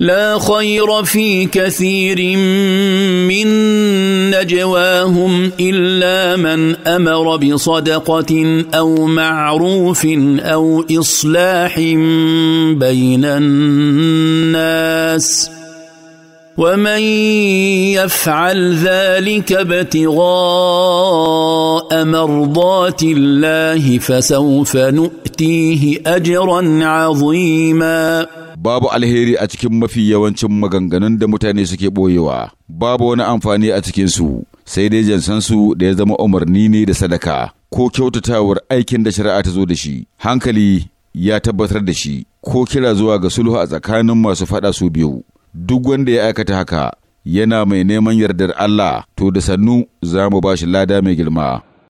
لا خير في كثير من نجواهم الا من امر بصدقه او معروف او اصلاح بين الناس ومن يفعل ذلك ابتغاء مرضات الله فسوف نؤمن يؤتيه أجرا عظيما babu alheri a cikin mafi yawancin maganganun da mutane suke ɓoyewa babu wani amfani a cikin su sai dai jansan su da ya zama umarni ne da sadaka ko kyautatawar aikin da shari'a ta zo da shi hankali ya tabbatar da shi ko kira zuwa ga sulhu a tsakanin masu faɗa su biyu duk wanda ya aikata haka yana mai neman yardar Allah to da sannu za mu ba shi lada mai girma